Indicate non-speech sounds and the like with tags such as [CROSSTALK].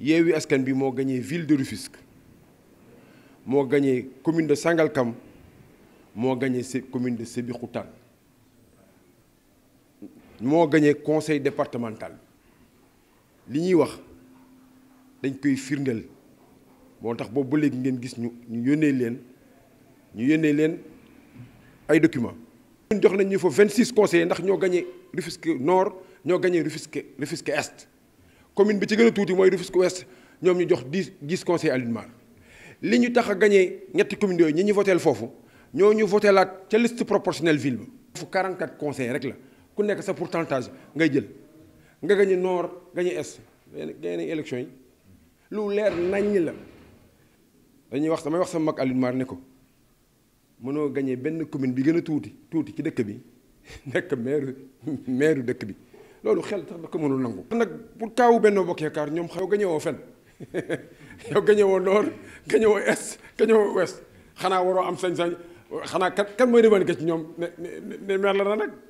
Yewi Askan gagné ville de Rufisque la gagné commune de Sangalkam la gagné commune de Sébikotane moo gagné conseil départemental li ñuy wax dañ koy gis ñu ñu leen ñu documents. Nous jox nañ 26 conseillers ndax ont gagné Rufisque Nord et gagné Est commune bi ci gëna a tuuti mooy Rufisque Ouest ñom ñu jox 10 dix conseillers Alioune Mar li ñu tax gagné ñetti commune yooyu ñi ñu voter foofu ñoo ñu voter voteelaat ci liste proportionnelle ville fu 44 conseil rek la ku nekk sa pourcentage ngay jël nga gagné nord gagné est gagné élection yi lu leer naññ la dañuy wax damay wax sama mak Alioune Mar ne ko mënoo gagné benn commune bi gëna a tuuti tuuti ci dëkk bi [LAUGHS] nekk maire maire dëkk bi. loolu xel sax da ko mënul nangu. nag pour kaawu benn Bokk Yaakaar ñoom xaw gañe woo fen [LAUGHS] yow gañe woo nord gañe woo est xanaa waroo am sañ-sañ xanaa kat kan mooy revendiquer ci ñoom ne ne ne maire la nag.